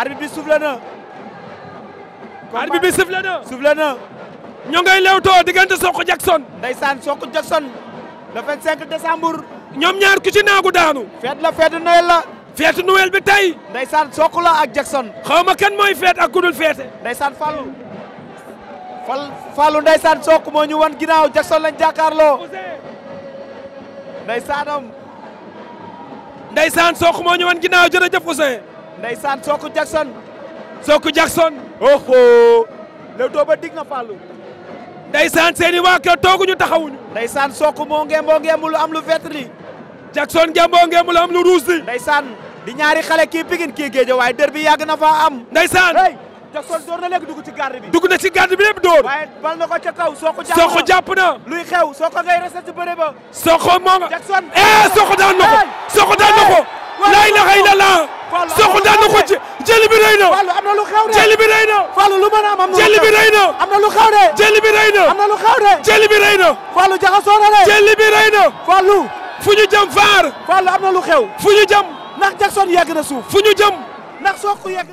arbitre bi soufflé na. arbitre bi soufflé na soufflé na. ñoo ngay diggante Sokh Jackson. ndeysaan Sokh Jackson. le 25 décembre. ñoom ñaar ku ci naagu daanu. feet la feetu Noël la. feetu Noël bi tey. ndeysaan Sokh la ak Jackson. xaw ma kan mooy feet ak kudul feete. ndeysaan Fallou. Fall Fallou ndeysaan Sokh moo ñu wan ginnaaw Jackson lañ jàkkaarloo. moo ñu wan ginnaaw jërëjëf Ousseyn. ndeysaan Sokku Jackson. Sokku Jackson. oho. Leewtoo ba dig na Fallou. ndeysaan seeni waa kër tooguñu taxawuñu. ndeysaan Sokku moo ngee ngemboo ngembu lu am lu vert li. Jackson ngemboo ngembu lu am lu ruus li. ndeysaan di ñaari xale kii Pikine kii Géeja waaye dër bi yàgg na faa am. saan hey Jackson door na léegi dugg ci garde bi. dugg na ci garde bi lépp door. waaye bal na ko ca kaw Sokku jàpp na Sokku jàpp na. luy xew Sokku ngay resté ci bëre ba. Sokku moo nga. Jackson eh, daan na ko. daan na ko. laa ilaaha illallaah Sokh daan na ko jëli bi rëy na. Fallou am na lu xew de. jëli bi rëy na. Fallou lu mën a am am na lu xew jëli bi rëy na. am na lu xew de. jëli bi rëy na. am na lu xew de. jëli bi rëy na. Fallou jaxasoo na de. jëli bi rëy na. Fallou. fu ñu jëm faar. Fallou am na lu xew. fu ñu jëm. ndax Jackson yegg na suuf. fu ñu jëm. ndax Sokh yegg.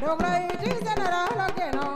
dogra iti general ageno